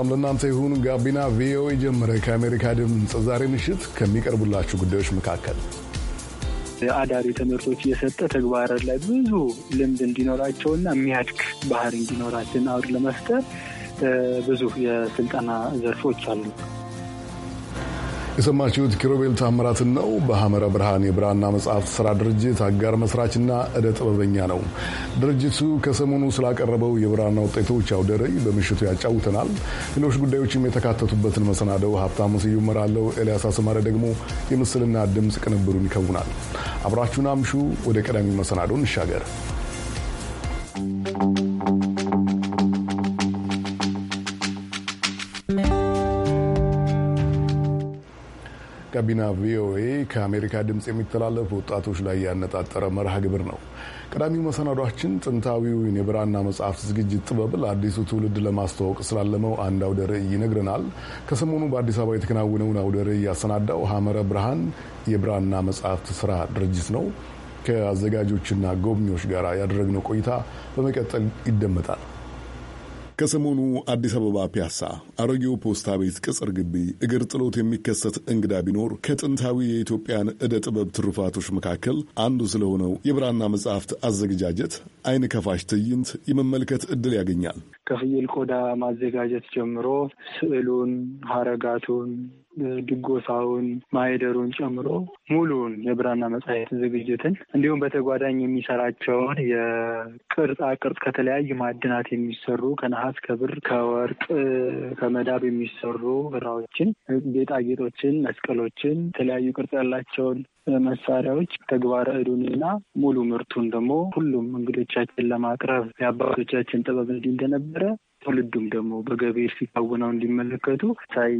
ሰላም ለእናንተ ይሁን። ጋቢና ቪኦኤ ጀመረ። ከአሜሪካ ድምፅ ዛሬ ምሽት ከሚቀርቡላችሁ ጉዳዮች መካከል አዳሪ ትምህርቶች እየሰጠ ተግባር ላይ ብዙ ልምድ እንዲኖራቸውና የሚያድግ ባህር እንዲኖራችን አውድ ለመፍጠር ብዙ የስልጠና ዘርፎች አሉ። የሰማችሁት ኪሮቤል ታምራትን ነው። በሐመረ ብርሃን የብራና መጽሐፍት ስራ ድርጅት አጋር መስራችና እደ ጥበበኛ ነው። ድርጅቱ ከሰሞኑ ስላቀረበው የብራና ውጤቶች አውደ ርዕይ በምሽቱ ያጫውተናል። ሌሎች ጉዳዮችም የተካተቱበትን መሰናደው ሀብታሙ ስዩም እመራለሁ። ኤልያስ አስማረ ደግሞ የምስልና ድምፅ ቅንብሩን ይከውናል። አብራችሁን አምሹ። ወደ ቀዳሚ መሰናዶ እንሻገር። ጋቢና ቪኦኤ ከአሜሪካ ድምፅ የሚተላለፉ ወጣቶች ላይ ያነጣጠረ መርሃ ግብር ነው። ቀዳሚው መሰናዷችን ጥንታዊውን የብራና መጽሐፍት ዝግጅት ጥበብ ለአዲሱ ትውልድ ለማስተዋወቅ ስላለመው አንድ አውደ ርዕይ ይነግረናል። ከሰሞኑ በአዲስ አበባ የተከናወነውን አውደ ርዕይ ያሰናዳው ሐመረ ብርሃን የብራና መጽሐፍት ስራ ድርጅት ነው። ከአዘጋጆችና ጎብኚዎች ጋር ያደረግነው ቆይታ በመቀጠል ይደመጣል። ከሰሞኑ አዲስ አበባ ፒያሳ አሮጌው ፖስታ ቤት ቅጽር ግቢ እግር ጥሎት የሚከሰት እንግዳ ቢኖር ከጥንታዊ የኢትዮጵያን ዕደ ጥበብ ትሩፋቶች መካከል አንዱ ስለሆነው የብራና መጽሐፍት አዘገጃጀት አይን ከፋሽ ትዕይንት የመመልከት ዕድል ያገኛል። ከፍየል ቆዳ ማዘጋጀት ጀምሮ ስዕሉን፣ ሀረጋቱን ድጎሳውን ማይደሩን ጨምሮ ሙሉውን የብራና መጽሔት ዝግጅትን እንዲሁም በተጓዳኝ የሚሰራቸውን የቅርጻ ቅርጽ ከተለያዩ ማዕድናት የሚሰሩ ከነሐስ፣ ከብር፣ ከወርቅ፣ ከመዳብ የሚሰሩ ስራዎችን፣ ጌጣጌጦችን፣ መስቀሎችን፣ የተለያዩ ቅርጽ ያላቸውን መሳሪያዎች ተግባረ ዕዱንና ሙሉ ምርቱን ደግሞ ሁሉም እንግዶቻችን ለማቅረብ የአባቶቻችን ጥበብ እንዲህ እንደነበረ ትውልዱም ደግሞ በገቢር ሲካወናው እንዲመለከቱ ሳይ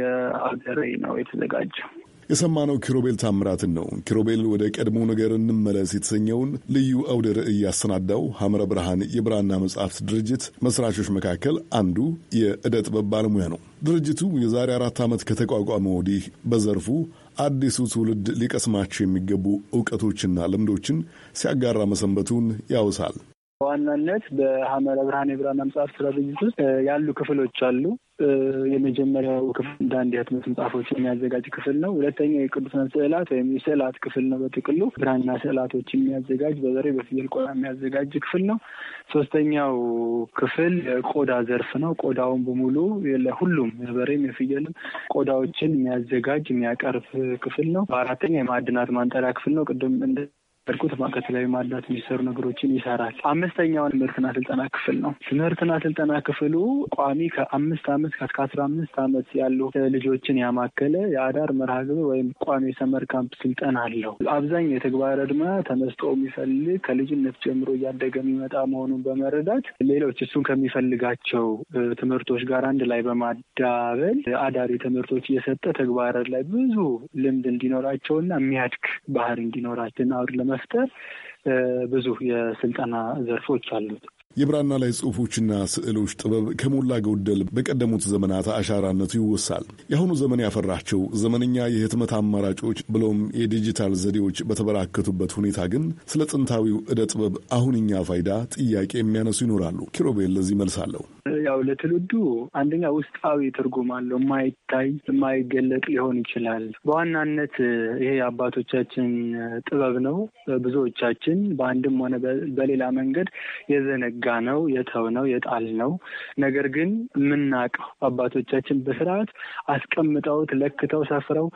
የአገሬ ነው የተዘጋጀው። የሰማነው ኪሮቤል ታምራትን ነው። ኪሮቤል ወደ ቀድሞ ነገር እንመለስ የተሰኘውን ልዩ አውደ ርዕይ ያሰናዳው ሐመረ ብርሃን የብራና መጽሐፍት ድርጅት መስራቾች መካከል አንዱ የእደ ጥበብ ባለሙያ ነው። ድርጅቱ የዛሬ አራት ዓመት ከተቋቋመ ወዲህ በዘርፉ አዲሱ ትውልድ ሊቀስማቸው የሚገቡ እውቀቶችና ልምዶችን ሲያጋራ መሰንበቱን ያውሳል። በዋናነት በሐመረ ብርሃን የብራና መጽሐፍ ስራ ድርጅት ውስጥ ያሉ ክፍሎች አሉ። የመጀመሪያው ክፍል እንደ አንድ የህትመት መጽሐፎች የሚያዘጋጅ ክፍል ነው። ሁለተኛው የቅዱሳን ስዕላት ወይም የስዕላት ክፍል ነው። በጥቅሉ ብራና ስዕላቶች የሚያዘጋጅ በበሬ በፍየል ቆዳ የሚያዘጋጅ ክፍል ነው። ሶስተኛው ክፍል የቆዳ ዘርፍ ነው። ቆዳውን በሙሉ ለሁሉም የበሬም የፍየልም ቆዳዎችን የሚያዘጋጅ የሚያቀርብ ክፍል ነው። በአራተኛ የማዕድናት ማንጠሪያ ክፍል ነው። ቅድም እንደ ማቀት ላይ ማላት የሚሰሩ ነገሮችን ይሰራል። አምስተኛውን ትምህርትና ስልጠና ክፍል ነው። ትምህርትና ስልጠና ክፍሉ ቋሚ ከአምስት ዓመት አስራ አምስት ዓመት ያሉ ልጆችን ያማከለ የአዳር መርሃ ግብር ወይም ቋሚ ሰመር ካምፕ ስልጠና አለው። አብዛኛው የተግባር እድመ ተመስጦ የሚፈልግ ከልጅነት ጀምሮ እያደገ የሚመጣ መሆኑን በመረዳት ሌሎች እሱን ከሚፈልጋቸው ትምህርቶች ጋር አንድ ላይ በማዳበል አዳሪ ትምህርቶች እየሰጠ ተግባር ላይ ብዙ ልምድ እንዲኖራቸውና የሚያድግ ባህር እንዲኖራቸው ለመፍጠር ብዙ የስልጠና ዘርፎች አሉት። የብራና ላይ ጽሁፎችና ስዕሎች ጥበብ ከሞላ ጎደል በቀደሙት ዘመናት አሻራነቱ ይወሳል። የአሁኑ ዘመን ያፈራቸው ዘመነኛ የህትመት አማራጮች ብሎም የዲጂታል ዘዴዎች በተበራከቱበት ሁኔታ ግን ስለ ጥንታዊው ዕደ ጥበብ አሁንኛ ፋይዳ ጥያቄ የሚያነሱ ይኖራሉ። ኪሮቤል ለዚህ መልስ ያው ለትውልዱ አንደኛ ውስጣዊ ትርጉም አለው። የማይታይ የማይገለጥ ሊሆን ይችላል። በዋናነት ይሄ አባቶቻችን ጥበብ ነው። ብዙዎቻችን በአንድም ሆነ በሌላ መንገድ የዘነጋ ነው፣ የተው ነው፣ የጣል ነው። ነገር ግን የምናውቀው አባቶቻችን በስርዓት አስቀምጠውት ለክተው ሰፍረው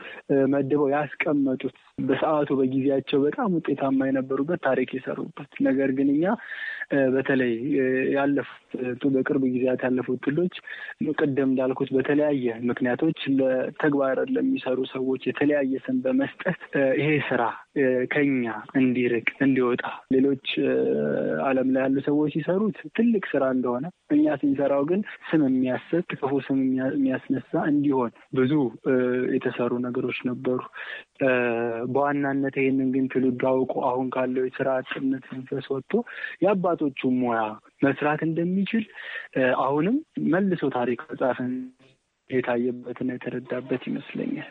መድበው ያስቀመጡት በሰዓቱ በጊዜያቸው በጣም ውጤታማ የነበሩበት ታሪክ የሰሩበት ነገር ግን እኛ በተለይ ያለፉት በቅርብ ጊዜያት ያለፉት ትሎች ቅድም እንዳልኩት በተለያየ ምክንያቶች ለተግባር ለሚሰሩ ሰዎች የተለያየ ስም በመስጠት ይሄ ስራ ከኛ እንዲርቅ እንዲወጣ። ሌሎች ዓለም ላይ ያሉ ሰዎች ሲሰሩት ትልቅ ስራ እንደሆነ እኛ ስንሰራው ግን ስም የሚያሰጥ ክፉ ስም የሚያስነሳ እንዲሆን ብዙ የተሰሩ ነገሮች ነበሩ። በዋናነት ይህንን ግን ትውልዱ አውቆ አሁን ካለው የስራ አጥነት መንፈስ ወጥቶ የአባቶቹ ሙያ መስራት እንደሚችል አሁንም መልሶ ታሪክ መጻፍን የታየበትና የተረዳበት ይመስለኛል።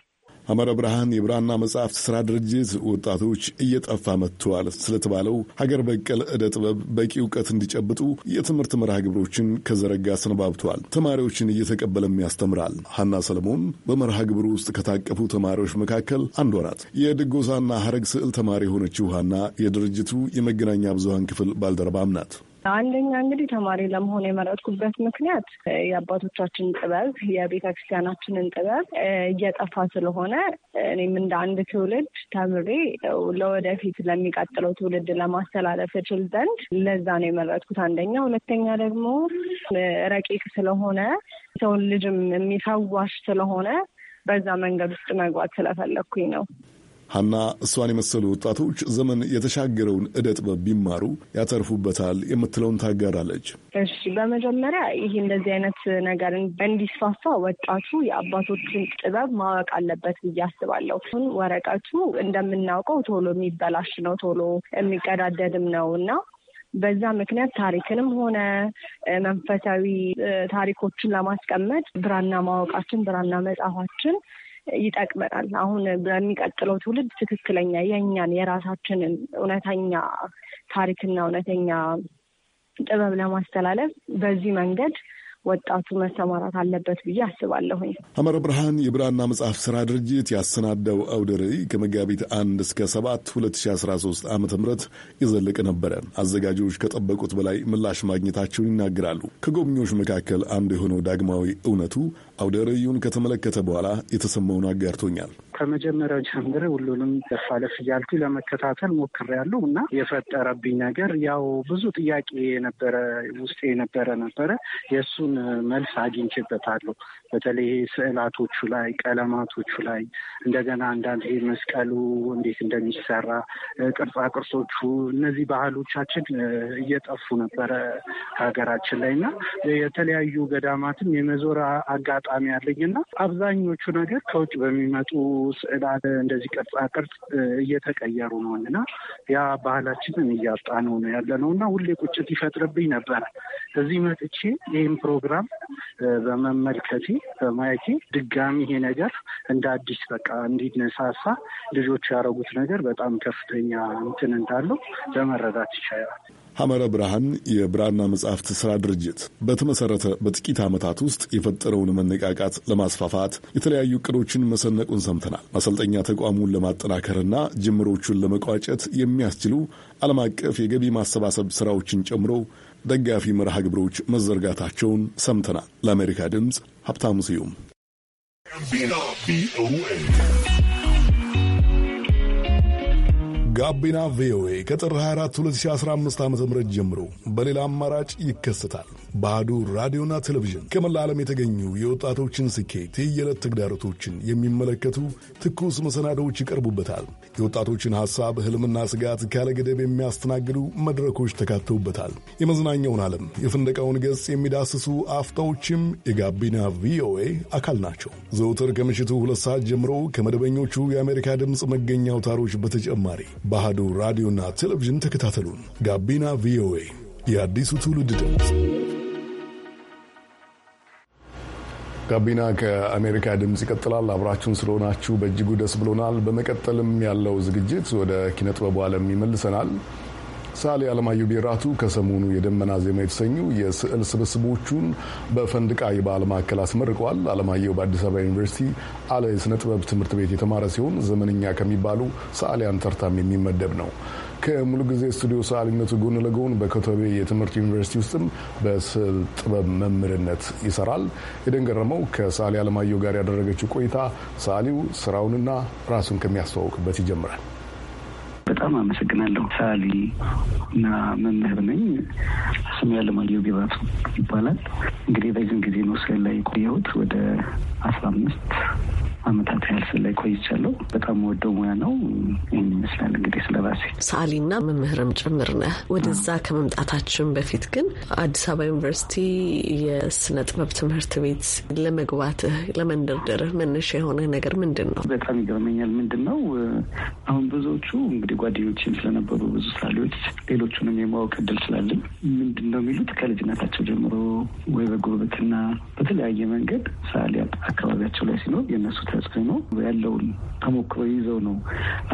አማረ ብርሃን የብራና መጽሐፍት ስራ ድርጅት ወጣቶች እየጠፋ መጥተዋል ስለተባለው ሀገር በቀል ዕደ ጥበብ በቂ እውቀት እንዲጨብጡ የትምህርት መርሃ ግብሮችን ከዘረጋ አሰነባብተዋል። ተማሪዎችን እየተቀበለም ያስተምራል። ሀና ሰለሞን በመርሃ ግብሩ ውስጥ ከታቀፉ ተማሪዎች መካከል አንዷ ናት። የድጎሳና ሀረግ ስዕል ተማሪ የሆነችው ሀና የድርጅቱ የመገናኛ ብዙሃን ክፍል ባልደረባም ናት። አንደኛ እንግዲህ ተማሪ ለመሆን የመረጥኩበት ምክንያት የአባቶቻችን ጥበብ የቤተ ክርስቲያናችንን ጥበብ እየጠፋ ስለሆነ እኔም እንደ አንድ ትውልድ ተምሬ ለወደፊት ለሚቀጥለው ትውልድ ለማስተላለፍ እችል ዘንድ ለዛ ነው የመረጥኩት አንደኛ። ሁለተኛ ደግሞ ረቂቅ ስለሆነ ሰውን ልጅም የሚፈዋሽ ስለሆነ በዛ መንገድ ውስጥ መግባት ስለፈለግኩኝ ነው። ሀና እሷን የመሰሉ ወጣቶች ዘመን የተሻገረውን እደ ጥበብ ቢማሩ ያተርፉበታል የምትለውን ታጋራለች። እሺ፣ በመጀመሪያ ይህ እንደዚህ አይነት ነገር እንዲስፋፋ ወጣቱ የአባቶችን ጥበብ ማወቅ አለበት ብዬ አስባለሁ። አሁን ወረቀቱ እንደምናውቀው ቶሎ የሚበላሽ ነው፣ ቶሎ የሚቀዳደድም ነው እና በዛ ምክንያት ታሪክንም ሆነ መንፈሳዊ ታሪኮችን ለማስቀመጥ ብራና ማወቃችን ብራና መጻፋችን ይጠቅመናል። አሁን በሚቀጥለው ትውልድ ትክክለኛ የእኛን የራሳችንን እውነተኛ ታሪክና እውነተኛ ጥበብ ለማስተላለፍ በዚህ መንገድ ወጣቱ መሰማራት አለበት ብዬ አስባለሁኝ። ሐመረ ብርሃን የብራና መጽሐፍ ስራ ድርጅት ያሰናዳው አውደ ርዕይ ከመጋቢት አንድ እስከ ሰባት 2013 ዓ ም የዘለቀ ነበረ። አዘጋጆች ከጠበቁት በላይ ምላሽ ማግኘታቸውን ይናገራሉ። ከጎብኚዎች መካከል አንዱ የሆነው ዳግማዊ እውነቱ አውደ ርዕዩን ከተመለከተ በኋላ የተሰማውን አጋርቶኛል። ከመጀመሪያው ጀምሬ ሁሉንም ለፋለፍ እያልኩ ለመከታተል ሞክሬያለሁ እና የፈጠረብኝ ነገር ያው ብዙ ጥያቄ የነበረ ውስጤ የነበረ ነበረ የእሱን መልስ አግኝቼበታለሁ። በተለይ ስዕላቶቹ ላይ ቀለማቶቹ ላይ እንደገና አንዳንድ ይሄ መስቀሉ እንዴት እንደሚሰራ ቅርጻ እነዚህ ባህሎቻችን እየጠፉ ነበረ ሀገራችን ላይ እና የተለያዩ ገዳማትም የመዞር አጋጣሚ አለኝ እና አብዛኞቹ ነገር ከውጭ በሚመጡ ስዕላት እንደዚህ ቅርጻ ቅርጽ እየተቀየሩ ነው እና ያ ባህላችንን እያጣ ነው ያለ ነው እና ሁሌ ቁጭት ይፈጥርብኝ ነበረ። እዚህ መጥቼ ይህም ፕሮግራም በመመልከቴ በማየቴ ድጋሚ ይሄ ነገር እንደ አዲስ በቃ እንዲነሳሳ ልጆች ያደረጉት ነገር በጣም ከፍተኛ እንትን እንዳለው ለመረዳት ይቻላል። ሐመረ ብርሃን የብራና መጽሐፍት ስራ ድርጅት በተመሰረተ በጥቂት ዓመታት ውስጥ የፈጠረውን መነቃቃት ለማስፋፋት የተለያዩ እቅዶችን መሰነቁን ሰምተናል። ማሰልጠኛ ተቋሙን ለማጠናከርና ጅምሮቹን ለመቋጨት የሚያስችሉ ዓለም አቀፍ የገቢ ማሰባሰብ ስራዎችን ጨምሮ ደጋፊ መርሃ ግብሮች መዘርጋታቸውን ሰምተናል። ለአሜሪካ ድምፅ ሀብታሙ ስዩም። ጋቢና ቪኦኤ ከጥር 24 2015 ዓ ም ጀምሮ በሌላ አማራጭ ይከሰታል። ባህዱ ራዲዮና ቴሌቪዥን ከመላ ዓለም የተገኙ የወጣቶችን ስኬት፣ የየዕለት ተግዳሮቶችን የሚመለከቱ ትኩስ መሰናዶዎች ይቀርቡበታል። የወጣቶችን ሐሳብ፣ ሕልምና ስጋት ካለ ገደብ የሚያስተናግዱ መድረኮች ተካተውበታል። የመዝናኛውን ዓለም፣ የፍንደቃውን ገጽ የሚዳስሱ አፍታዎችም የጋቢና ቪኦኤ አካል ናቸው። ዘውትር ከምሽቱ ሁለት ሰዓት ጀምሮ ከመደበኞቹ የአሜሪካ ድምፅ መገኛ አውታሮች በተጨማሪ በአህዱ ራዲዮና ቴሌቪዥን ተከታተሉን። ጋቢና ቪኦኤ የአዲሱ ትውልድ ድምፅ። ጋቢና ከአሜሪካ ድምፅ ይቀጥላል። አብራችሁን ስለሆናችሁ በእጅጉ ደስ ብሎናል። በመቀጠልም ያለው ዝግጅት ወደ ኪነጥበቡ ዓለም ይመልሰናል። ሳሌ አለማየሁ ቢራቱ ከሰሞኑ የደመና ዜማ የተሰኙ የስዕል ስብስቦቹን በፈንድቃ የበዓል ማዕከል አስመርቀዋል። አለማየሁ በአዲስ አበባ ዩኒቨርሲቲ አለ የስነ ጥበብ ትምህርት ቤት የተማረ ሲሆን ዘመንኛ ከሚባሉ ሰዓሊያን ተርታም የሚመደብ ነው። ከሙሉ ጊዜ ስቱዲዮ ሰዓሊነቱ ጎን ለጎን በኮተቤ የትምህርት ዩኒቨርሲቲ ውስጥም በስዕል ጥበብ መምህርነት ይሰራል። የደንገረመው ከሰዓሊ አለማየሁ ጋር ያደረገችው ቆይታ ሰዓሊው ስራውንና ራሱን ከሚያስተዋውቅበት ይጀምራል። በጣም አመሰግናለሁ። ሳሊ እና መምህር ነኝ። ስሜ አለማየሁ ቢራቱ ይባላል። እንግዲህ በዚህን ጊዜ ነው ስዕል ላይ የቆየሁት ወደ አስራ አምስት አመታት ያህል ስላይ ቆይቻለሁ። በጣም ወደው ሙያ ነው። ይህን ይመስላል እንግዲህ ስለ ባሴ ሰዓሊና መምህርም ጭምር ነህ። ወደዛ ከመምጣታችን በፊት ግን አዲስ አበባ ዩኒቨርሲቲ የስነ ጥበብ ትምህርት ቤት ለመግባትህ ለመንደርደርህ መነሻ የሆነ ነገር ምንድን ነው? በጣም ይገርመኛል። ምንድን ነው አሁን ብዙዎቹ እንግዲህ ጓደኞችም ስለነበሩ ብዙ ሰዓሊዎች ሌሎቹንም የማወቅ እድል ስላለን ምንድን ነው የሚሉት ከልጅነታቸው ጀምሮ ወይ በጉርብትና በተለያየ መንገድ ሰዓሊ አካባቢያቸው ላይ ሲኖር የነሱ ተጽዕኖ ያለውን ተሞክሮ ይዘው ነው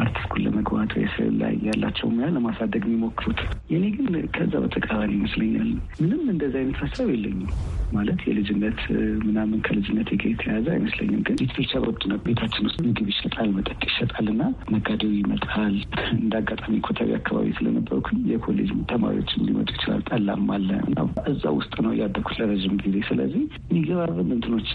አርት ስኩል ለመግባት ወይ ስዕል ላይ ያላቸው ሙያ ለማሳደግ የሚሞክሩት። የኔ ግን ከዛ በተቃራኒ ይመስለኛል። ምንም እንደዚ አይነት ሀሳብ የለኝም ማለት የልጅነት ምናምን ከልጅነት ጋር የተያዘ አይመስለኝም። ግን ሊትሬቸር ወጡ ነው ቤታችን ውስጥ ምግብ ይሸጣል፣ መጠጥ ይሸጣል እና ነጋዴው ይመጣል። እንደ አጋጣሚ ኮተቤ አካባቢ ስለነበርኩ የኮሌጅ ተማሪዎችም ሊመጡ ይችላል። ጠላም አለ እና እዛ ውስጥ ነው ያደኩት ለረዥም ጊዜ። ስለዚህ የሚገባብን እንትኖች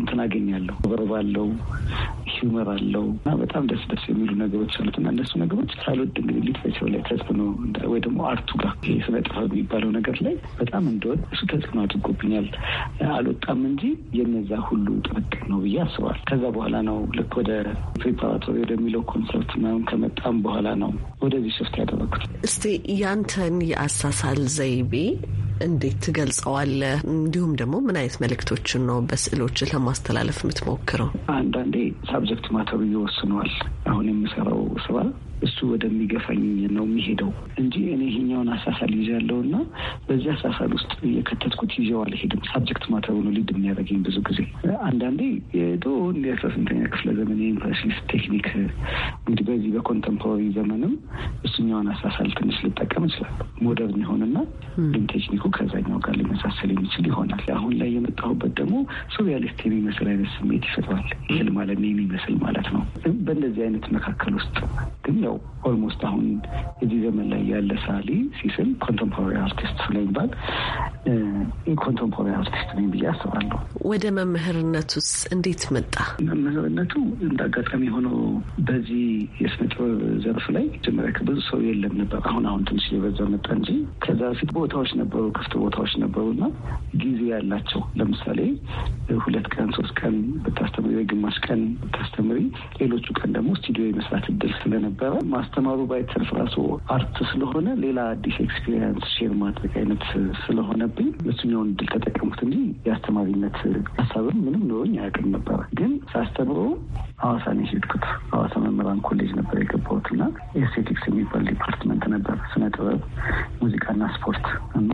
እንትን አገኛለሁ ብር ባለው አለው፣ ሂውመር አለው እና በጣም ደስ ደስ የሚሉ ነገሮች አሉት እና እነሱ ነገሮች ካልወድ እንግዲህ ሊትሬቸር ላይ ተጽዕኖ ወይ ደግሞ አርቱ ጋር ስነ ጥበብ የሚባለው ነገር ላይ በጣም እንደወድ እሱ ተጽዕኖ አድርጎብኛል። አልወጣም እንጂ የነዛ ሁሉ ጥብቅ ነው ብዬ አስባል። ከዛ በኋላ ነው ልክ ወደ ፕሪፓራቶሪ ወደሚለው ኮንሰርት ምናምን ከመጣም በኋላ ነው ወደዚህ ሶፍት ያደረኩት። እስቲ ያንተን የአሳሳል ዘይቤ እንዴት ትገልጸዋለ እንዲሁም ደግሞ ምን አይነት መልእክቶችን ነው በስዕሎች ለማስተላለፍ የምትሞክረው? አንዳንዴ ሳብጀክት ማተሩ ይወስነዋል። አሁን የምሰራው ስራ እሱ ወደሚገፋኝ ነው የሚሄደው እንጂ እኔ ይሄኛውን አሳሳል ይዣለሁ እና በዚህ አሳሳል ውስጥ የከተትኩት ይዤው አልሄድም። ሳብጀክት ማተር ሆኖ ሊድ የሚያደርገኝ ብዙ ጊዜ አንዳንዴ ዶ የአስራ ስምንተኛ ክፍለ ዘመን የኢምፕሬሽኒስት ቴክኒክ እንግዲህ በዚህ በኮንተምፖራሪ ዘመንም እሱኛውን አሳሳል ትንሽ ልጠቀም ይችላል። ሞደርን ይሆንና ግን ቴክኒኩ ከዛኛው ጋር ሊመሳሰል የሚችል ይሆናል። አሁን ላይ የመጣሁበት ደግሞ ሱሪያሊስት የሚመስል አይነት ስሜት ይፈጥራል። ይህል ማለት የሚመስል ማለት ነው። በእንደዚህ አይነት መካከል ውስጥ ግን ያው ኦልሞስት አሁን እዚህ ዘመን ላይ ያለ ሳሊ ሲስል ኮንቴምፖራሪ አርቲስት ይባል ኮንቴምፖራሪ አርቲስት ነኝ ብዬ አስባለሁ። ወደ መምህርነቱስ እንዴት መጣ? መምህርነቱ እንደ አጋጣሚ ሆነው በዚህ የስነ ጥበብ ዘርፍ ላይ ጀመሪያ ብዙ ሰው የለም ነበር። አሁን አሁን ትንሽ የበዛ መጣ እንጂ ከዛ በፊት ቦታዎች ነበሩ፣ ክፍት ቦታዎች ነበሩና ጊዜ ያላቸው ለምሳሌ ሁለት ቀን ሶስት ቀን ብታስተምሪ ወይ ግማሽ ቀን ብታስተምሪ፣ ሌሎቹ ቀን ደግሞ ስቱዲዮ የመስራት እድል ስለነበረ ሳይሆን ማስተማሩ ባይተርፍ ራሱ አርት ስለሆነ ሌላ አዲስ ኤክስፒሪየንስ ሼር ማድረግ አይነት ስለሆነብኝ እሱኛውን እድል ተጠቀሙት እንጂ የአስተማሪነት ሀሳብም ምንም ኖሮኝ አያውቅም ነበረ። ግን ሳስተምሮ ሐዋሳ ነው የሄድኩት። ሐዋሳ መምህራን ኮሌጅ ነበር የገባሁት እና ኤስቴቲክስ የሚባል ዲፓርትመንት ነበር፣ ስነ ጥበብ፣ ሙዚቃና ስፖርት እና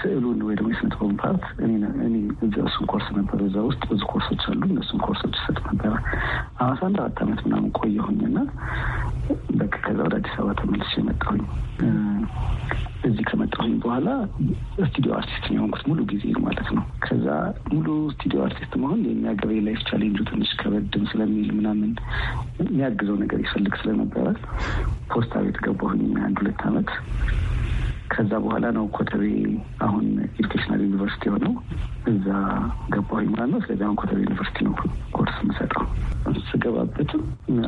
ስዕሉን ወይ ደግሞ የስነ ጥበብን ፓርት እኔ እሱን ኮርስ ነበር እዛ ውስጥ ብዙ ኮርሶች አሉ፣ እነሱን ኮርሶች ይሰጥ ነበረ። ሐዋሳ አንድ አራት ዓመት ምናምን ቆየሁኝ እና በቃ ከዛ ወደ አዲስ አበባ ተመልሼ የመጣሁኝ እዚህ ከመጣሁኝ በኋላ ስቱዲዮ አርቲስት ነው የሆንኩት ሙሉ ጊዜ ማለት ነው። ከዛ ሙሉ ስቱዲዮ አርቲስት መሆን የሚያገበ ገበያ ላይፍ ቻሌንጁ ትንሽ ከበድ አልወድም ስለሚል ምናምን የሚያግዘው ነገር ይፈልግ ስለነበረ ፖስታ ቤት ገባሁኝ አንድ ሁለት አመት ከዛ በኋላ ነው ኮተቤ አሁን ኤዱኬሽናል ዩኒቨርሲቲ የሆነው እዛ ገባሁኝ ማለት ነው። ስለዚህ አሁን ኮተቤ ዩኒቨርሲቲ ነው ኮርስ የምሰጠው። ስገባበትም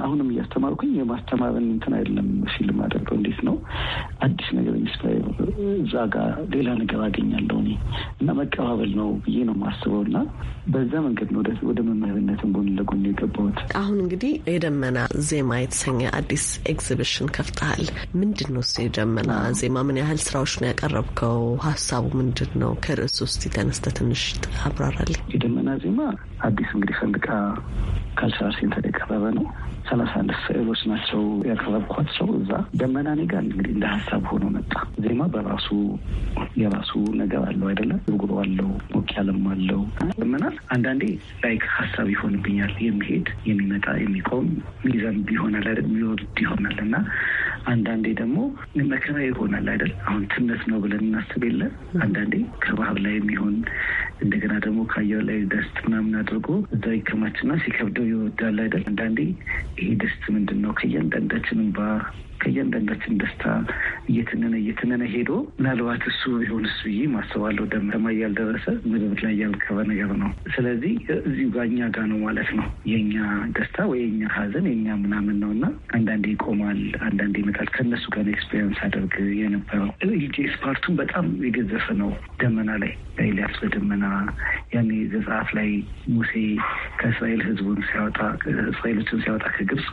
አሁንም እያስተማርኩኝ የማስተማርን እንትን አይደለም ፊልም አደርገው እንዴት ነው አዲስ ነገር ኢንስፓየር እዛ ጋር ሌላ ነገር አገኛለሁ እኔ እና መቀባበል ነው ብዬ ነው የማስበው እና በዛ መንገድ ነው ወደ መምህርነትን ጎን ለጎን የገባሁት። አሁን እንግዲህ የደመና ዜማ የተሰኘ አዲስ ኤግዚቢሽን ከፍተሃል። ምንድን ነው እሱ የደመና ዜማ? ምን ያህል ስራዎች ነው ያቀረብከው? ሀሳቡ ምንድን ነው? ከርዕስ ውስጥ ተነስተ ትንሽ አብራራል። የደመና ዜማ አዲስ እንግዲህ ፈንድቃ ካልቸራል ሴንተር የቀረበ ነው። ሰላሳ አንድ ስዕሎች ናቸው ያቀረብኳቸው። እዛ ደመና እኔ ጋር እንግዲህ እንደ ሀሳብ ሆኖ መጣ። ዜማ በራሱ የራሱ ነገር አለው አይደለ? ዝጉሮ አለው፣ ሞቅ ያለም አለው። ደመና አንዳንዴ ላይክ ሀሳብ ይሆንብኛል። የሚሄድ የሚመጣ የሚቆም ሚዘንብ ይሆናል አይደል፣ የሚወርድ ይሆናል እና አንዳንዴ ደግሞ መከራ ይሆናል አይደል። አሁን ትነት ነው ብለን እናስብ የለ አንዳንዴ ከባህር ላይ የሚሆን እንደገና ደግሞ ከአየር ላይ ደስት ምናምን አድርጎ እዛ ይከማችና ሲከብደው ይወዳል አይደል። አንዳንዴ ይህ ድስት ምንድን ነው? ከእያንዳንዳችንም እንባ ከእያንዳንዳችን ደስታ እየትነነ እየትነነ ሄዶ ምናልባት እሱ ቢሆንስ ብዬ ማስባለሁ። ደመማ እያልደረሰ ምድብ ላይ ያልከበ ነገር ነው። ስለዚህ እዚሁ ጋር እኛ ጋር ነው ማለት ነው። የእኛ ደስታ ወይ የኛ ሀዘን የእኛ ምናምን ነው እና አንዳንዴ ይቆማል፣ አንዳንዴ ይመጣል። ከእነሱ ጋር ኤክስፔሪንስ አደርግ የነበረው ኢልጄስ ፓርቱን በጣም የገዘፈ ነው። ደመና ላይ ኤልያስ በደመና ያኔ ዘጸአት ላይ ሙሴ ከእስራኤል ህዝቡን ሲያወጣ እስራኤሎችን ሲያወጣ ከግብፅ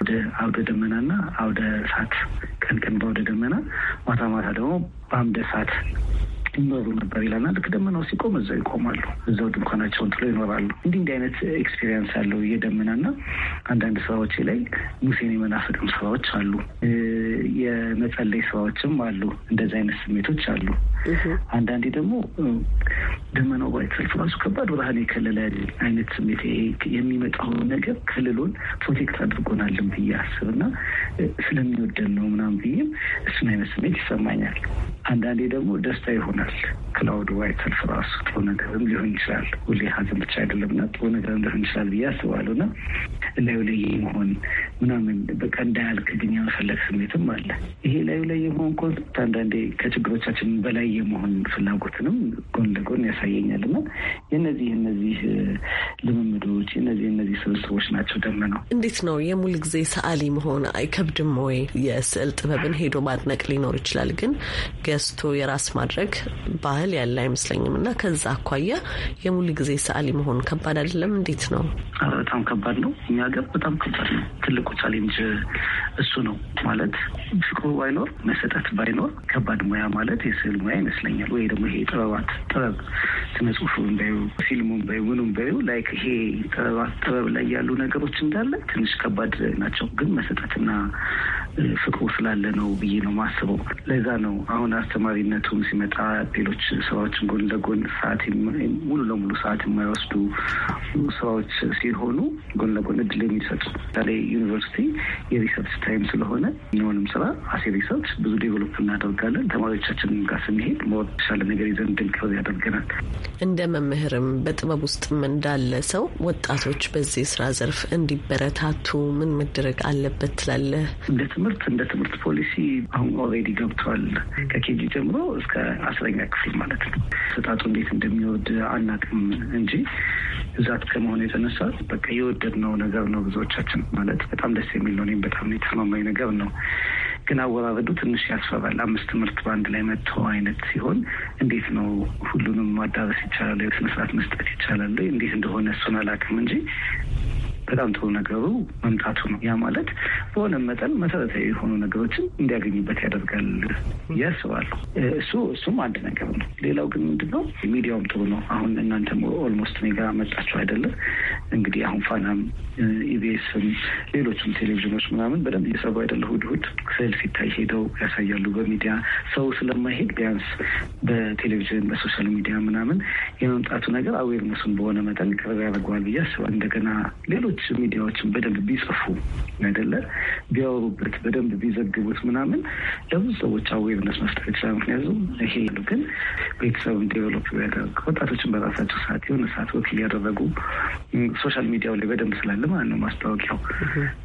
ወደ አውደ ደመናና አውደ እሳት ቀን ቀን በወደ ደመና ማታ ማታ ደግሞ በአምደ እሳት ይኖሩ ነበር ይላልና ልክ ደመናው ሲቆም እዛው ይቆማሉ። እዛው ድንኳናቸውን ጥሎ ይኖራሉ። እንዲህ እንዲህ አይነት ኤክስፔሪንስ ያለው የደመናና አንዳንድ ስራዎች ላይ ሙሴን የመናፈቅም ስራዎች አሉ። የመጸለይ ስራዎችም አሉ። እንደዚህ አይነት ስሜቶች አሉ። አንዳንዴ ደግሞ ደመናው ባይሰልፍ ራሱ ከባድ ብርሃን የከለለ አይነት ስሜት የሚመጣውን ነገር ክልሉን ፕሮቴክት አድርጎናልን ብዬ አስብና ስለሚወደን ነው ምናም ብዬም እሱን አይነት ስሜት ይሰማኛል። አንዳንዴ ደግሞ ደስታ ይሆናል። ክላውድ ዋይት ሰልፍ ራሱ ጥሩ ነገርም ሊሆን ይችላል። ሁሌ ሀዘን ብቻ አይደለም ጥሩ ነገርም ሊሆን ይችላል ብዬ አስባለሁ እና ላዩ ላይ የመሆን ምናምን በቃ ግን የመፈለግ ስሜትም አለ። ይሄ ላዩ ላይ የመሆን ኮንሰፕት አንዳንዴ ከችግሮቻችን በላይ የመሆን ፍላጎትንም ጎን ለጎን ያሳ ያሳየኛል እና የነዚህ እነዚህ ልምምዶች የነዚህ እነዚህ ስብስቦች ናቸው ደም ነው። እንዴት ነው የሙሉ ጊዜ ሰዓሊ መሆን አይከብድም ወይ? የስዕል ጥበብን ሄዶ ማድነቅ ሊኖር ይችላል፣ ግን ገዝቶ የራስ ማድረግ ባህል ያለ አይመስለኝም እና ከዛ አኳያ የሙሉ ጊዜ ሰዓሊ መሆን ከባድ አይደለም? እንዴት ነው? በጣም ከባድ ነው። እኛ ገር በጣም ከባድ ነው። ትልቁ ቻሌንጅ እሱ ነው ማለት ፍቅሩ ባይኖር መሰጠት ባይኖር ከባድ ሙያ ማለት የስዕል ሙያ ይመስለኛል። ወይ ደግሞ ይሄ ጥበባት ጥበብ ስነ ጽሁፉን በዩ ፊልሙን በዩ ምኑን በዩ ላይክ ይሄ ጥበብ ላይ ያሉ ነገሮች እንዳለ ትንሽ ከባድ ናቸው፣ ግን መሰጠትና ፍቅሩ ስላለ ነው ብዬ ነው ማስበው። ለዛ ነው አሁን አስተማሪነቱም ሲመጣ ሌሎች ስራዎችን ጎን ለጎን ሰዓት ሙሉ ለሙሉ ሰዓት የማይወስዱ ስራዎች ሲሆኑ ጎን ለጎን እድል የሚሰጡ በተለይ ዩኒቨርሲቲ የሪሰርች ታይም ስለሆነ የሆንም ስራ አሴ ሪሰርች ብዙ ዴቨሎፕ እናደርጋለን። ተማሪዎቻችን ጋር ስንሄድ መወሻለ ነገር ይዘን ድንቅር ያደርገናል። እንደ መምህርም በጥበብ ውስጥም እንዳለ ሰው ወጣቶች በዚህ ስራ ዘርፍ እንዲበረታቱ ምን መደረግ አለበት ትላለህ? ትምህርት እንደ ትምህርት ፖሊሲ አሁን ኦልሬዲ ገብቷል። ከኬጂ ጀምሮ እስከ አስረኛ ክፍል ማለት ነው። ስጣቱ እንዴት እንደሚወድ አናቅም እንጂ ብዛት ከመሆኑ የተነሳ በቃ የወደድነው ነገር ነው ብዙዎቻችን። ማለት በጣም ደስ የሚል ነው። እኔም በጣም የተስማማኝ ነገር ነው። ግን አወራረዱ ትንሽ ያስፈራል። አምስት ትምህርት በአንድ ላይ መጥቶ አይነት ሲሆን እንዴት ነው ሁሉንም ማዳረስ ይቻላል? ስነስርዓት መስጠት ይቻላል? እንዴት እንደሆነ እሱን አላውቅም እንጂ በጣም ጥሩ ነገሩ መምጣቱ ነው። ያ ማለት በሆነ መጠን መሰረታዊ የሆኑ ነገሮችን እንዲያገኙበት ያደርጋል ያስባሉ። እሱ እሱም አንድ ነገር ነው። ሌላው ግን ምንድን ነው ሚዲያውም ጥሩ ነው። አሁን እናንተም ኦልሞስት እኔ ጋር መጣችሁ አይደለም እንግዲህ አሁን ፋናም፣ ኢቢኤስም፣ ሌሎችም ቴሌቪዥኖች ምናምን በደንብ እየሰሩ አይደለ? እሑድ እሑድ ስዕል ሲታይ ሄደው ያሳያሉ በሚዲያ ሰው ስለማይሄድ ቢያንስ በቴሌቪዥን በሶሻል ሚዲያ ምናምን የመምጣቱ ነገር አዌርነሱን በሆነ መጠን ቅርብ ያደርገዋል ብዬ አስባለሁ። እንደገና ሌሎች ሚዲያዎችን በደንብ ቢጽፉ አይደለ ቢያወሩበት በደንብ ቢዘግቡት ምናምን ለብዙ ሰዎች አዌርነስ መፍጠር ይችላል። ምክንያቱም ይሄ ሉ ግን ቤተሰብን ዴቨሎፕ ያደርግ ወጣቶችን በራሳቸው ሰዓት የሆነ ሰዓት ወክ እያደረጉ ሶሻል ሚዲያው ላይ በደንብ ስላለ ማለት ነው ማስታወቂያው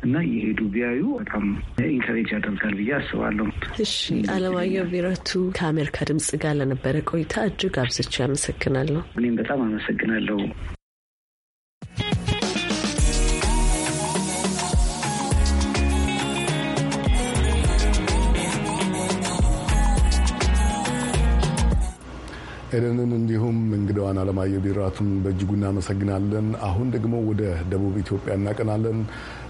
እና እየሄዱ ቢያዩ በጣም ኢንከሬጅ ያደርጋል ብዬ አስባለሁ። እሺ አለማየሁ ቢረቱ ከአሜሪካ ድምጽ ጋር ለነበረ ቆይታ እጅግ አብዝቼ አመሰግናለሁ። እኔም በጣም አመሰግናለሁ። ኤደንን እንዲሁም እንግዳዋን አለማየሁ ቢራቱን በእጅጉ እናመሰግናለን። አሁን ደግሞ ወደ ደቡብ ኢትዮጵያ እናቀናለን።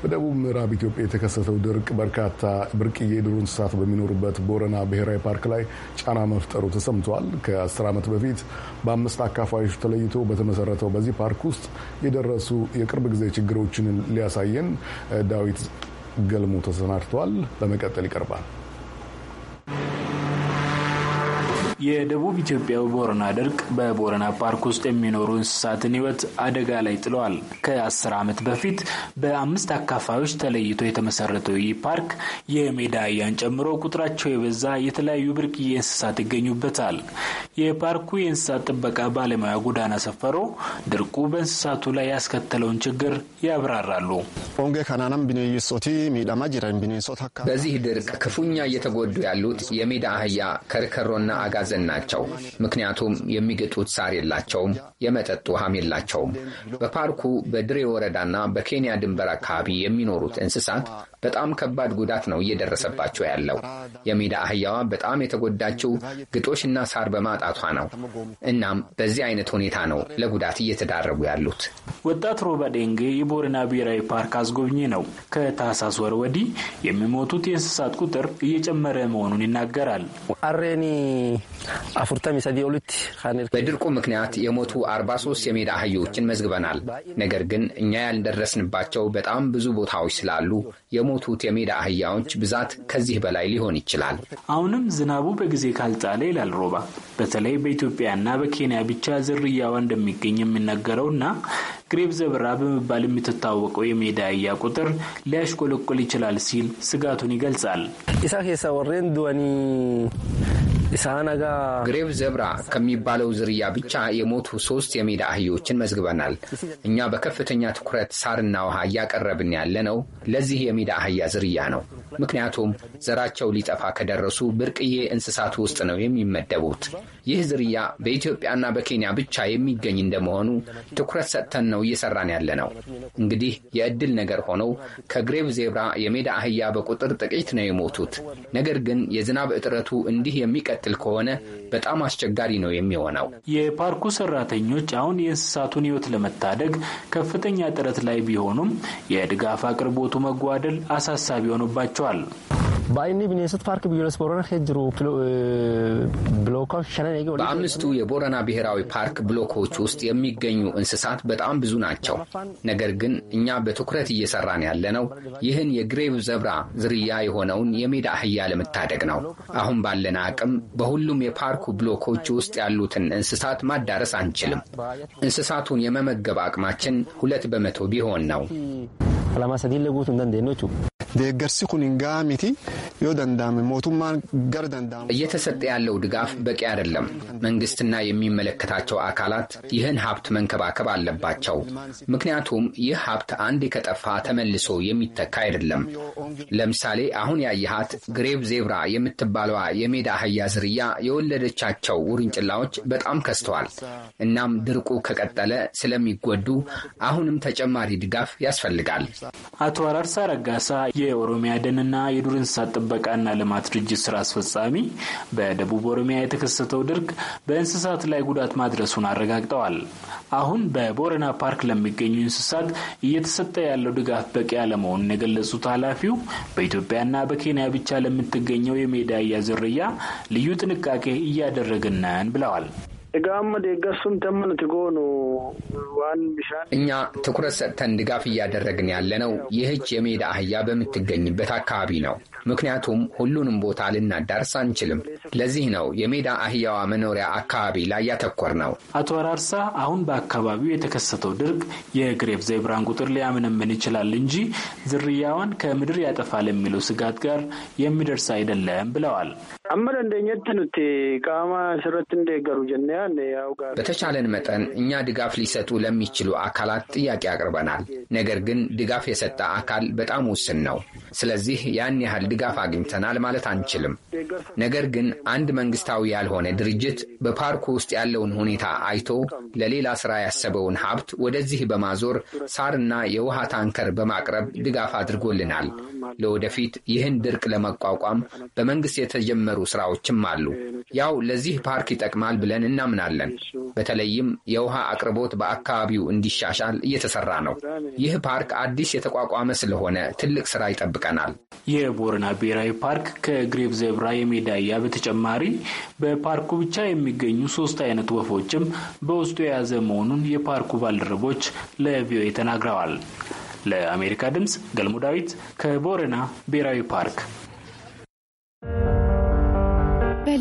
በደቡብ ምዕራብ ኢትዮጵያ የተከሰተው ድርቅ በርካታ ብርቅዬ የዱር እንስሳት በሚኖሩበት ቦረና ብሔራዊ ፓርክ ላይ ጫና መፍጠሩ ተሰምቷል። ከአስር ዓመት በፊት በአምስት አካፋዮች ተለይቶ በተመሰረተው በዚህ ፓርክ ውስጥ የደረሱ የቅርብ ጊዜ ችግሮችን ሊያሳየን ዳዊት ገልሞ ተሰናድተዋል። በመቀጠል ይቀርባል። የደቡብ ኢትዮጵያው ቦረና ድርቅ በቦረና ፓርክ ውስጥ የሚኖሩ እንስሳትን ሕይወት አደጋ ላይ ጥለዋል። ከአስር ዓመት በፊት በአምስት አካፋዮች ተለይቶ የተመሰረተው ይህ ፓርክ የሜዳ አህያን ጨምሮ ቁጥራቸው የበዛ የተለያዩ ብርቅዬ እንስሳት ይገኙበታል። የፓርኩ የእንስሳት ጥበቃ ባለሙያ ጎዳና ሰፈሮ ድርቁ በእንስሳቱ ላይ ያስከተለውን ችግር ያብራራሉ። በዚህ ድርቅ ክፉኛ እየተጎዱ ያሉት የሜዳ አህያ፣ ከርከሮና አጋዘ ማዕዘን ናቸው። ምክንያቱም የሚግጡት ሳር የላቸውም፣ የመጠጥ ውሃም የላቸውም። በፓርኩ በድሬ ወረዳና በኬንያ ድንበር አካባቢ የሚኖሩት እንስሳት በጣም ከባድ ጉዳት ነው እየደረሰባቸው ያለው። የሜዳ አህያዋ በጣም የተጎዳችው ግጦሽና ሳር በማጣቷ ነው። እናም በዚህ አይነት ሁኔታ ነው ለጉዳት እየተዳረጉ ያሉት። ወጣት ሮባ ዴንጌ የቦረና ብሔራዊ ፓርክ አስጎብኚ ነው። ከታህሳስ ወር ወዲህ የሚሞቱት የእንስሳት ቁጥር እየጨመረ መሆኑን ይናገራል። አሬኒ በድርቁ ምክንያት የሞቱ 43 የሜዳ አህዮችን መዝግበናል። ነገር ግን እኛ ያልደረስንባቸው በጣም ብዙ ቦታዎች ስላሉ የሞቱት የሜዳ አህያዎች ብዛት ከዚህ በላይ ሊሆን ይችላል። አሁንም ዝናቡ በጊዜ ካልጣለ ይላል ሮባ። በተለይ በኢትዮጵያና በኬንያ ብቻ ዝርያዋ እንደሚገኝ የሚነገረውና ግሬቭ ዘበራ በመባል የምትታወቀው የሜዳ አህያ ቁጥር ሊያሽቆለቆል ይችላል ሲል ስጋቱን ይገልጻል። ግሬብ ዘብራ ከሚባለው ዝርያ ብቻ የሞቱ ሶስት የሜዳ አህዮችን መዝግበናል። እኛ በከፍተኛ ትኩረት ሳርና ውሃ እያቀረብን ያለነው ለዚህ የሜዳ አህያ ዝርያ ነው። ምክንያቱም ዘራቸው ሊጠፋ ከደረሱ ብርቅዬ እንስሳት ውስጥ ነው የሚመደቡት። ይህ ዝርያ በኢትዮጵያና በኬንያ ብቻ የሚገኝ እንደመሆኑ ትኩረት ሰጥተን ነው ነው እየሰራን ያለ ነው። እንግዲህ የእድል ነገር ሆነው ከግሬቭ ዜብራ የሜዳ አህያ በቁጥር ጥቂት ነው የሞቱት። ነገር ግን የዝናብ እጥረቱ እንዲህ የሚቀጥል ከሆነ በጣም አስቸጋሪ ነው የሚሆነው። የፓርኩ ሰራተኞች አሁን የእንስሳቱን ህይወት ለመታደግ ከፍተኛ ጥረት ላይ ቢሆኑም የድጋፍ አቅርቦቱ መጓደል አሳሳቢ ሆኖባቸዋል። በአምስቱ የቦረና ብሔራዊ ፓርክ ብሎኮች ውስጥ የሚገኙ እንስሳት በጣም ብዙ ናቸው። ነገር ግን እኛ በትኩረት እየሰራን ያለነው ይህን የግሬቭ ዘብራ ዝርያ የሆነውን የሜዳ አህያ ለመታደግ ነው። አሁን ባለን አቅም በሁሉም የፓርኩ ብሎኮች ውስጥ ያሉትን እንስሳት ማዳረስ አንችልም። እንስሳቱን የመመገብ አቅማችን ሁለት በመቶ ቢሆን ነው። ደገርሲ ኩንንጋ ሚቲ ዮ ደንዳም ሞቱማን ገር ደንዳም እየተሰጠ ያለው ድጋፍ በቂ አይደለም። መንግስትና የሚመለከታቸው አካላት ይህን ሀብት መንከባከብ አለባቸው። ምክንያቱም ይህ ሀብት አንዴ ከጠፋ ተመልሶ የሚተካ አይደለም። ለምሳሌ አሁን ያየሃት ግሬቭ ዜብራ የምትባለዋ የሜዳ አህያ ዝርያ የወለደቻቸው ውርንጭላዎች በጣም ከስተዋል። እናም ድርቁ ከቀጠለ ስለሚጎዱ አሁንም ተጨማሪ ድጋፍ ያስፈልጋል። አቶ አራርሳ ረጋሳ የኦሮሚያ ደንና የዱር እንስሳት ጥበቃና ልማት ድርጅት ስራ አስፈጻሚ በደቡብ ኦሮሚያ የተከሰተው ድርቅ በእንስሳት ላይ ጉዳት ማድረሱን አረጋግጠዋል። አሁን በቦረና ፓርክ ለሚገኙ እንስሳት እየተሰጠ ያለው ድጋፍ በቂ አለመሆኑን የገለጹት ኃላፊው በኢትዮጵያና በኬንያ ብቻ ለምትገኘው የሜዳ ዝርያ ልዩ ጥንቃቄ እያደረግነን ብለዋል። እኛ ትኩረት ሰጥተን ድጋፍ እያደረግን ያለነው ይህች የሜዳ አህያ በምትገኝበት አካባቢ ነው። ምክንያቱም ሁሉንም ቦታ ልናዳርስ አንችልም። ለዚህ ነው የሜዳ አህያዋ መኖሪያ አካባቢ ላይ ያተኮር ነው። አቶ አራርሳ አሁን በአካባቢው የተከሰተው ድርቅ የግሬቭ ዘይብራን ቁጥር ሊያመነምን ይችላል እንጂ ዝርያዋን ከምድር ያጠፋል የሚለው ስጋት ጋር የሚደርስ አይደለም ብለዋል። amma dandeenyatti ቃማ ስረት እንደገሩ hin ያው በተቻለን መጠን እኛ ድጋፍ ሊሰጡ ለሚችሉ አካላት ጥያቄ አቅርበናል። ነገር ግን ድጋፍ የሰጠ አካል በጣም ውስን ነው። ስለዚህ ያን ያህል ድጋፍ አግኝተናል ማለት አንችልም። ነገር ግን አንድ መንግስታዊ ያልሆነ ድርጅት በፓርኩ ውስጥ ያለውን ሁኔታ አይቶ ለሌላ ስራ ያሰበውን ሀብት ወደዚህ በማዞር ሳርና የውሃ ታንከር በማቅረብ ድጋፍ አድርጎልናል። ለወደፊት ይህን ድርቅ ለመቋቋም በመንግስት የተጀመሩ የሚሰሩ ስራዎችም አሉ። ያው ለዚህ ፓርክ ይጠቅማል ብለን እናምናለን። በተለይም የውሃ አቅርቦት በአካባቢው እንዲሻሻል እየተሰራ ነው። ይህ ፓርክ አዲስ የተቋቋመ ስለሆነ ትልቅ ስራ ይጠብቀናል። የቦረና ብሔራዊ ፓርክ ከግሬቭ ዘብራ የሜዳያ በተጨማሪ በፓርኩ ብቻ የሚገኙ ሶስት አይነት ወፎችም በውስጡ የያዘ መሆኑን የፓርኩ ባልደረቦች ለቪኦኤ ተናግረዋል። ለአሜሪካ ድምፅ ገልሞ ዳዊት ከቦረና ብሔራዊ ፓርክ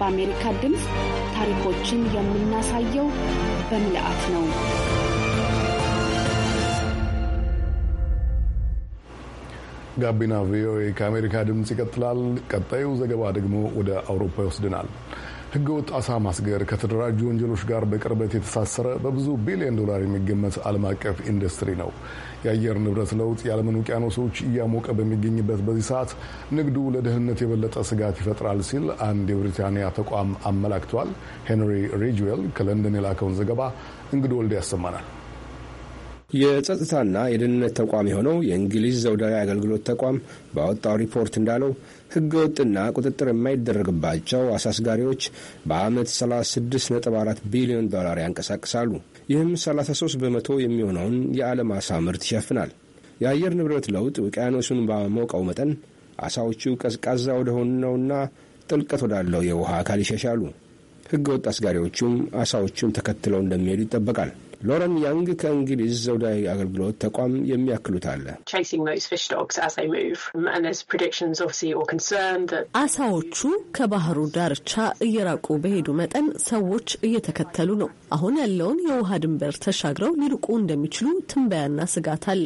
በአሜሪካ ድምፅ ታሪኮችን የምናሳየው በምልአት ነው። ጋቢና ቪኦኤ ከአሜሪካ ድምፅ ይቀጥላል። ቀጣዩ ዘገባ ደግሞ ወደ አውሮፓ ይወስድናል። ህገወጥ አሳ ማስገር ከተደራጁ ወንጀሎች ጋር በቅርበት የተሳሰረ በብዙ ቢሊዮን ዶላር የሚገመት ዓለም አቀፍ ኢንዱስትሪ ነው። የአየር ንብረት ለውጥ የዓለምን ውቅያኖሶች እያሞቀ በሚገኝበት በዚህ ሰዓት ንግዱ ለደህንነት የበለጠ ስጋት ይፈጥራል ሲል አንድ የብሪታንያ ተቋም አመላክቷል። ሄንሪ ሬጅዌል ከለንደን የላከውን ዘገባ እንግዱ ወልድ ያሰማናል። የጸጥታና የደህንነት ተቋም የሆነው የእንግሊዝ ዘውዳዊ አገልግሎት ተቋም ባወጣው ሪፖርት እንዳለው ህገወጥና ቁጥጥር የማይደረግባቸው አሳስጋሪዎች በዓመት 36.4 ቢሊዮን ዶላር ያንቀሳቅሳሉ። ይህም 33 በመቶ የሚሆነውን የዓለም አሳ ምርት ይሸፍናል። የአየር ንብረት ለውጥ ውቅያኖሱን ባሞቀው መጠን አሳዎቹ ቀዝቃዛ ወደሆነውና ጥልቀት ወዳለው የውሃ አካል ይሸሻሉ። ህገወጥ አስጋሪዎቹም አሳዎቹን ተከትለው እንደሚሄዱ ይጠበቃል። ሎረን ያንግ ከእንግሊዝ ዘውዳዊ አገልግሎት ተቋም የሚያክሉት አለ። አሳዎቹ ከባህሩ ዳርቻ እየራቁ በሄዱ መጠን ሰዎች እየተከተሉ ነው። አሁን ያለውን የውሃ ድንበር ተሻግረው ሊርቁ እንደሚችሉ ትንበያና ስጋት አለ።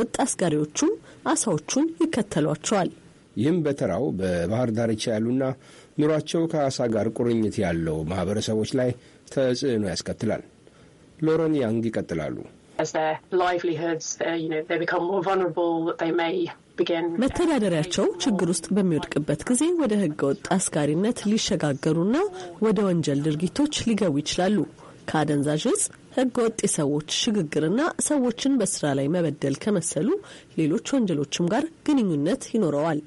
ወጥ አስጋሪዎቹም አሳዎቹን ይከተሏቸዋል። ይህም በተራው በባህር ዳርቻ ያሉና ኑሯቸው ከአሳ ጋር ቁርኝት ያለው ማህበረሰቦች ላይ ተጽዕኖ ያስከትላል። ሎረን ያንግ ይቀጥላሉ። uh, uh, መተዳደሪያቸው ችግር ውስጥ በሚወድቅበት ጊዜ ወደ ህገወጥ አስጋሪነት ሊሸጋገሩና ወደ ወንጀል ድርጊቶች ሊገቡ ይችላሉ። ከአደንዛዥ እጽ፣ ወጥ የሰዎች ሽግግርና ሰዎችን በስራ ላይ መበደል ከመሰሉ ሌሎች ወንጀሎችም ጋር ግንኙነት ይኖረዋል።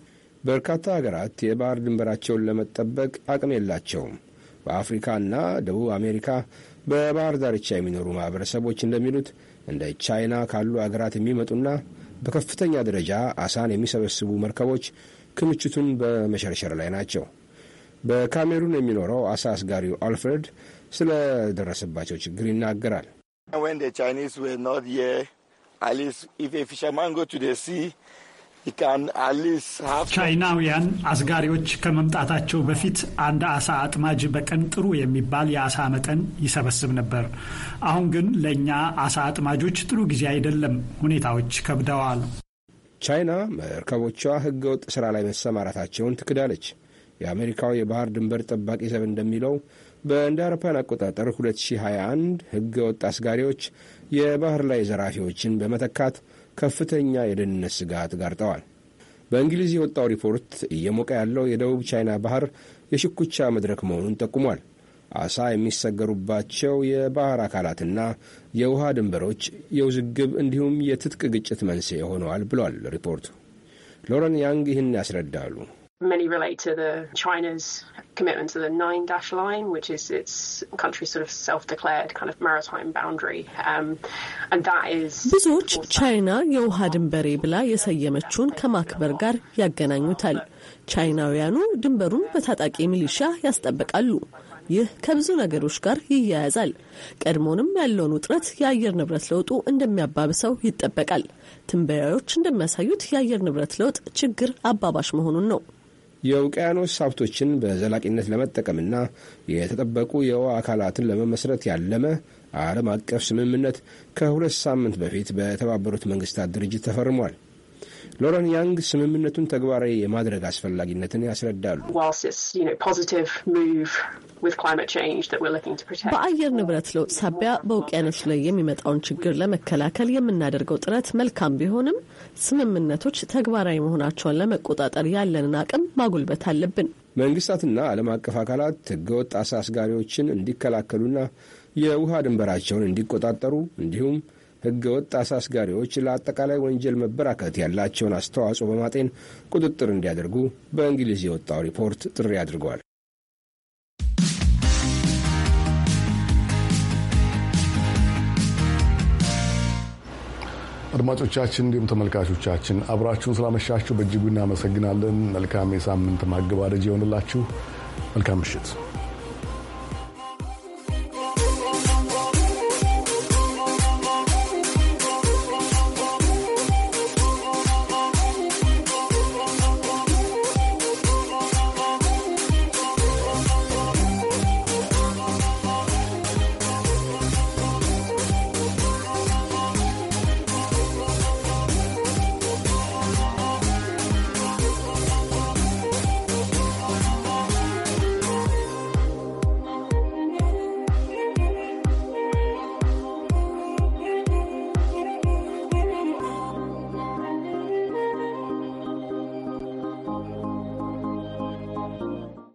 በርካታ ሀገራት የባህር ድንበራቸውን ለመጠበቅ አቅም የላቸውም። በአፍሪካና ደቡብ አሜሪካ በባህር ዳርቻ የሚኖሩ ማህበረሰቦች እንደሚሉት እንደ ቻይና ካሉ አገራት የሚመጡና በከፍተኛ ደረጃ አሳን የሚሰበስቡ መርከቦች ክምችቱን በመሸርሸር ላይ ናቸው። በካሜሩን የሚኖረው አሳ አስጋሪው አልፍሬድ ስለደረሰባቸው ችግር ይናገራል። ቻይኒስ ቻይናውያን አስጋሪዎች ከመምጣታቸው በፊት አንድ አሳ አጥማጅ በቀን ጥሩ የሚባል የአሳ መጠን ይሰበስብ ነበር። አሁን ግን ለእኛ አሳ አጥማጆች ጥሩ ጊዜ አይደለም፣ ሁኔታዎች ከብደዋል። ቻይና መርከቦቿ ሕገወጥ ስራ ላይ መሰማራታቸውን ትክዳለች። የአሜሪካው የባህር ድንበር ጠባቂ ዘብ እንደሚለው በእንደ አውሮፓውያን አቆጣጠር 2021 ሕገ ወጥ አስጋሪዎች የባህር ላይ ዘራፊዎችን በመተካት ከፍተኛ የደህንነት ስጋት ጋርጠዋል። በእንግሊዝ የወጣው ሪፖርት እየሞቀ ያለው የደቡብ ቻይና ባህር የሽኩቻ መድረክ መሆኑን ጠቁሟል። አሳ የሚሰገሩባቸው የባህር አካላትና የውሃ ድንበሮች የውዝግብ እንዲሁም የትጥቅ ግጭት መንስኤ ሆነዋል ብሏል ሪፖርቱ። ሎረን ያንግ ይህን ያስረዳሉ። Many relate to the China's commitment to the Nine Dash Line, which is its country's sort of self-declared kind of maritime boundary, um, and that is. ብዙዎች ቻይና የውሃ ድንበሬ ብላ የሰየመችውን ከማክበር ጋር ያገናኙታል። ቻይናውያኑ ድንበሩን በታጣቂ ሚሊሻ ያስጠብቃሉ። ይህ ከብዙ ነገሮች ጋር ይያያዛል። ቀድሞንም ያለውን ውጥረት የአየር ንብረት ለውጡ እንደሚያባብሰው ይጠበቃል። ትንበያዎች እንደሚያሳዩት የአየር ንብረት ለውጥ ችግር አባባሽ መሆኑን ነው። የውቅያኖስ ሀብቶችን በዘላቂነት ለመጠቀምና የተጠበቁ የውሃ አካላትን ለመመስረት ያለመ ዓለም አቀፍ ስምምነት ከሁለት ሳምንት በፊት በተባበሩት መንግስታት ድርጅት ተፈርሟል። ሎረን ያንግ ስምምነቱን ተግባራዊ የማድረግ አስፈላጊነትን ያስረዳሉ። በአየር ንብረት ለውጥ ሳቢያ በውቅያኖች ላይ የሚመጣውን ችግር ለመከላከል የምናደርገው ጥረት መልካም ቢሆንም ስምምነቶች ተግባራዊ መሆናቸውን ለመቆጣጠር ያለንን አቅም ማጉልበት አለብን። መንግስታትና ዓለም አቀፍ አካላት ህገወጥ አሳ አስጋሪዎችን እንዲከላከሉና የውሃ ድንበራቸውን እንዲቆጣጠሩ እንዲሁም ህገወጥ አሳስጋሪዎች ለአጠቃላይ ወንጀል መበራከት ያላቸውን አስተዋጽኦ በማጤን ቁጥጥር እንዲያደርጉ በእንግሊዝ የወጣው ሪፖርት ጥሪ አድርጓል። አድማጮቻችን እንዲሁም ተመልካቾቻችን አብራችሁን ስላመሻችሁ በእጅጉ እናመሰግናለን። መልካም የሳምንት ማገባደጅ የሆንላችሁ። መልካም ምሽት።